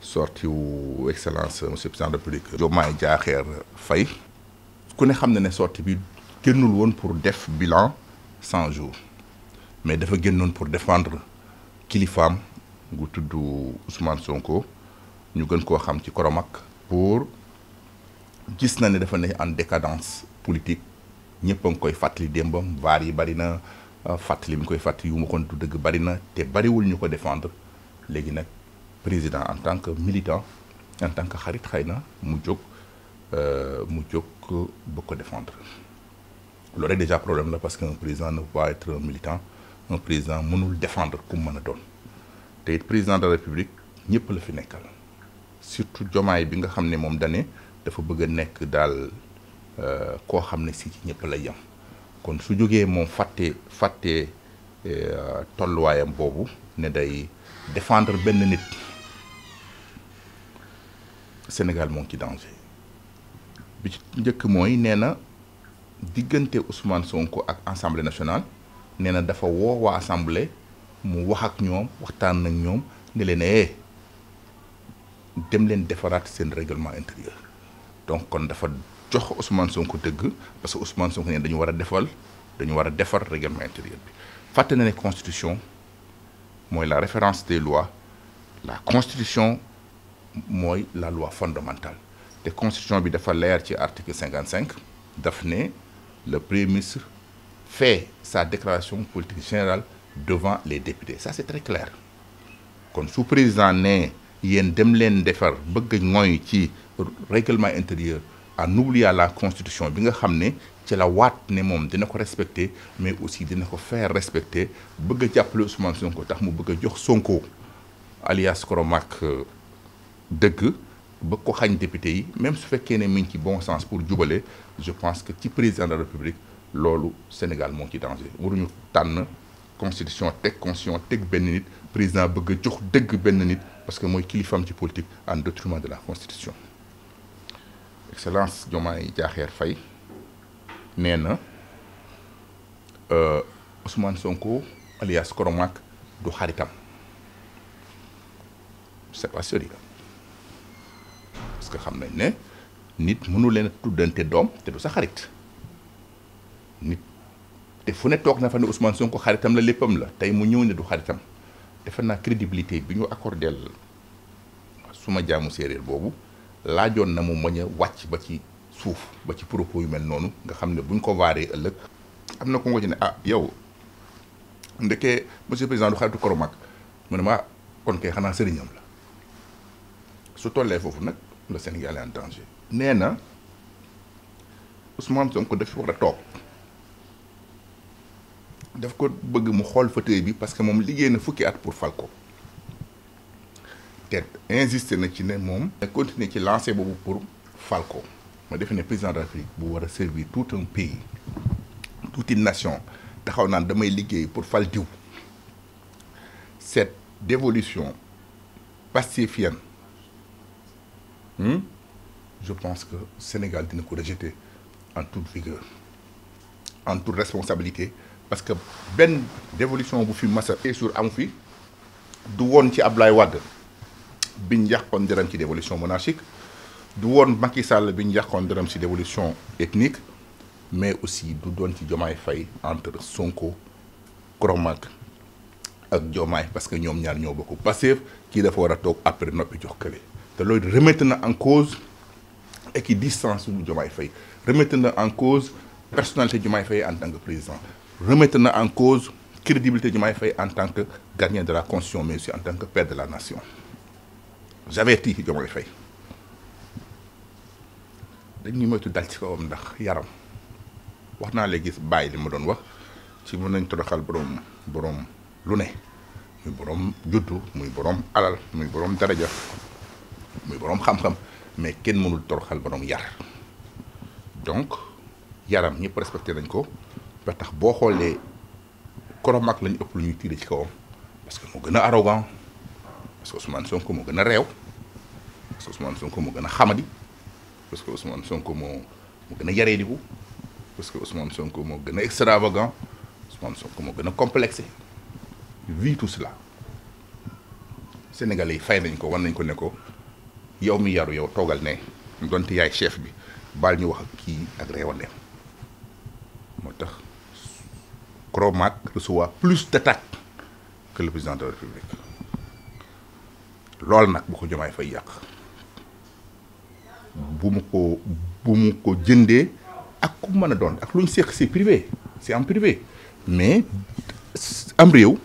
sorti wu excellence monsieur président de la République Diomaye Diakhar Fay ku ne xam na ne sorti bi génnul won pour def bilan 100 jours mais dafa génnoon pour défendre kilifam gu tudd Ousmane Sonko ñu gën ko xam ci Koromak pour gis na ne dafa en décadence politique ñepp a ngi koy fàttali démbam vaar yi bari na fàttali bi koy fàttali yu mu kon du dëgg bari na té bari wul ñuko défendre légui nag président en tant que militant en tant que Harit Khaïna, na euh, beaucoup défendre déjà problème parce qu'un président ne peut pas être un militant un président mënul défendre comme il le président de la république surtout jomaay bi nga ne dafa bëgg nekk euh, ne si ci ñëpp fait kon su jógee euh, défendre nit Sénégal moo qui danger bi ci njëkk mooy nee Ousmane Sonko ak assemblée nationale néna dafa wo wa assemblée mu wax ak ñom waxtaan nak ñom ne leen eh dem leen defaraat sen règlement intérieur donc kon dafa jox Ousmane Sonko deug parce que Ousmane Sonko né dañu wara défal dañu wara a règlement intérieur bi faté né constitution moy la référence des lois la constitution moy la loi fondamentale La constitution bi dafa leer ci article 55 daf le premier ministre fait sa déclaration politique générale devant les députés ça c'est très clair kon sous président né yéen dem len defar bëgg ngoy ci règlement intérieur en oubliant la constitution bi nga xamné ci la loi ne mom dina ko respecter mais aussi dina ko faire respecter bëgg a jàppale Ousmane Sonko tax mu bëgg jox Sonko alias Koromak euh, deug ba ko député même su fekké né mi ci bon sens pour djubalé je pense que ci président de la république lolu Sénégal mo ci danger waruñu tann constitution tek constitution tek benn nit président bëgg jox deug Parce nit parce que moy kilifaam ci politique en détriment de la constitution excellence Diomaye Diakhar fay néna euh Ousmane Sonko alias Koromak du xaritam c'est pas sérieux parce que xam nañ ne nit mënu leen a tuddante doom te du sa xarit nit te fu ne toog na fa ne Ousmane Sonko xaritam la léppam la tey mu ñëw ne du xaritam defe naa crédibilité bi ñu accordé suma jaamu séeréer boobu laajoon na mu moñ a ba ci suuf ba ci propos yu mel noonu nga xam ne buñ ko waaree ëllëg. am na ko nga ci ne ah yow ndeke mose président du xaritu Koromak mu ne ma ah, kon xanaa sëriñam la su tollee foofu nag. le Sénégal est en danger Néna, Ousmane Sonko daf war a toog daf ko bëgg mu xool fauteuil bi parce que moom liggéey na fukki at pour Falco. ko a insisté na ci ne a continué continuer ci pour Falco. ko ma defe ne président d'Afrique pour bu servir tout un pays toute une nation taxaw naan damay liggéey pour Falco. cette dévolution pacifienne. Hmm? je pense que le Sénégal doit nous rejeter en toute vigueur en toute responsabilité parce que bien dévolution bu fi et sur am fi du woon ci Ablaye Wade bi qui dévolution monarchique du woon Macky Sall dévolution ethnique mais aussi du qui ci Diomaye entre Sonko Kromak et Diomaye parce que nous ñaar beaucoup passifs qui devraient dafa après noppi jox te loolu remettre na en cause équidistance bu Diomaye Faye remettre na en cause personnalité Diomaye Faye en tant que président remettre na en cause crédibilité Diomaye Faye en tant que gagnant de la Constitution mais aussi en tant que père de la nation j'avertis Diomaye Faye dañuy moytu dal ci kawam ndax yaram wax naa gis bàyyi li ma doon wax ci mën nañ toroxal borom borom lu ne muy borom juddu muy borom alal muy dara daraja muy borom xam-xam mais kenn mënul toroxal borom yar donc yaram ñëpp respecté nañ ko ba tax boo xoolee Koromak lañu ëpp lu ñuy tiire ci kawam parce que moo gën a arrogant parce que Ousmane Sonko moo gën a réew parce que Ousmane Sonko moo gën a xamadi parce que Ousmane Sonko moo moo gën a yareediku parce que Ousmane Sonko moo gën a extravagant Ousmane Sonko moo gën a complexé vu tout cela sénégalais fay nañ ko war nañ ko ne ko yow mi yaru yow togal ne donte yaay chef bi bal ñu wax ak kii ak réewandeem motax tax Gros Mac reçoit plus d'attaques que le président de la République lol nak bu ko jomay fay yak bu mu ko bu mu ko jëndé ak ku mëna a doon ak lu ñu c'est privé c'est en privé mais am réew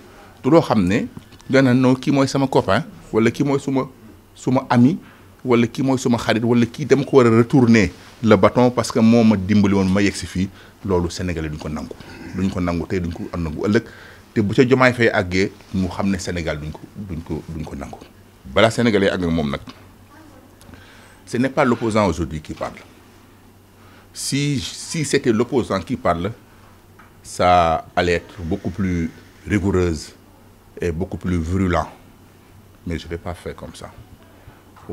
du lo xamné ne dana noo kii mooy sama copain wala ki moy suma suma ami wala ki moy suma xarit wala ki dem ko wara retourner le bâton parce que moma ma dimbali won ma yegg fi fii sénégalais duñ ko nangu. duñ ko nangu tay duñ ko nangu ëlëk té bu ca jomaay fay àggee mu xamné Sénégal duñ ko duñ ko duñ ko nangu bala sénégalais àgg mom nak ce n'est pas l'opposant aujourd'hui qui parle si si c'était l'opposant qui parle ça allait être beaucoup plus rigoureuse et beaucoup plus virulent mais je vais pas faire comme ça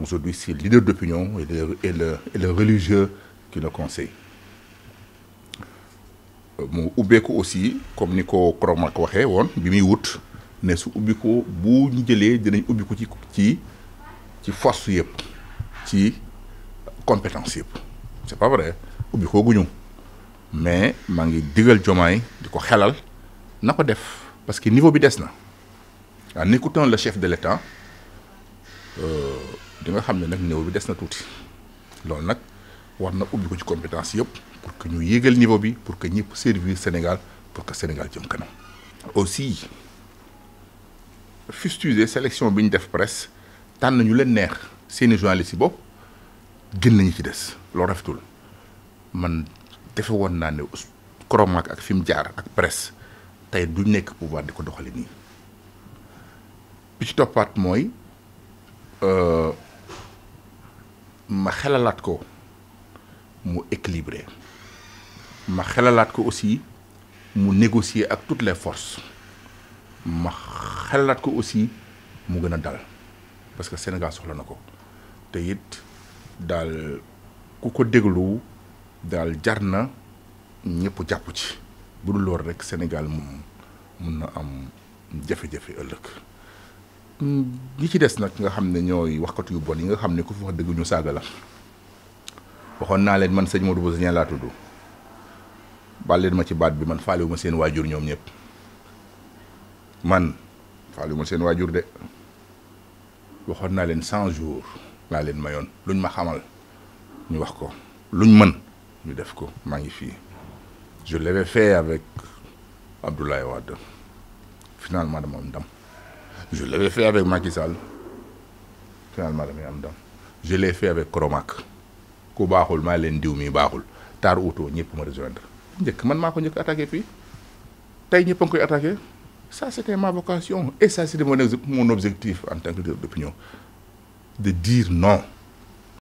Aujourd'hui, c'est le leader d'opinion et le, et, le, et le, religieux qui le conseille. Euh, Mon Ubeko aussi comme Nico ko on waxee woon bi muy wut ne su ubbi ko bu ñu jëlee dinañ ubbi ci ci ci force yëpp ci compétence yëpp c'est pas vrai ubiko gounou. guñu mais mangi ngi digal jomaay di ko xelal na ko def parce que niveau bi na en écoutant le chef de l'État euh, di nga xam ne nag néew bi des na tuuti loolu nag war na ubbi ko ci compétence yëpp pour que ñu yéegal niveau bi pour que ñëpp servir Sénégal pour que Sénégal jëm kanam. aussi fustuser sélection bi ñu def presse tànn ñu leen neex seeni journalistes yi bopp gën nañu ci des loolu rafetul man defe woon naa ne Koromaak ak fi mu jaar ak presse tey du nekk pouvoir di ko doxali nii bi ci toppaat mooy. Euh, ma xelalat ko mu équilibré ma xelalat ko aussi mu négocier ak toutes les forces ma xelalat ko aussi mu gëna dal parce que Sénégal soxla na ko te it dal ku ko déglu dal jar na ñëpp jàpp ci bu dul loolu rek Sénégal mu mun na am jafe-jafe ëllëg. li ci des nag nga xam ne ñooy waxkatu yu bon yi nga xam ne ku fi wax dëgg ñu saaga la waxoon naa leen man sëñ Modou Bousso Dieng laa tudd baal leen ma ci baat bi man faale wu ma seen waajur ñoom ñëpp man faale wu ma seen waajur de waxoon naa leen cent jours laa leen mayoon luñ ma xamal ñu wax ko luñ mën ñu def ko maa ngi fii je l'avais fait avec Abdoulaye Wade finalement dama am Je l'avais fait avec Macky Sall. Finalement, fait avec je l'ai fait avec Cromac ku baaxul fait leen diw mi baaxul ne auto pas, me rejoindre Je man maa ko attaqué fii tey ñëpp a ça c'était ma vocation et ça c'était mon objectif en tant que d'opinion de dire non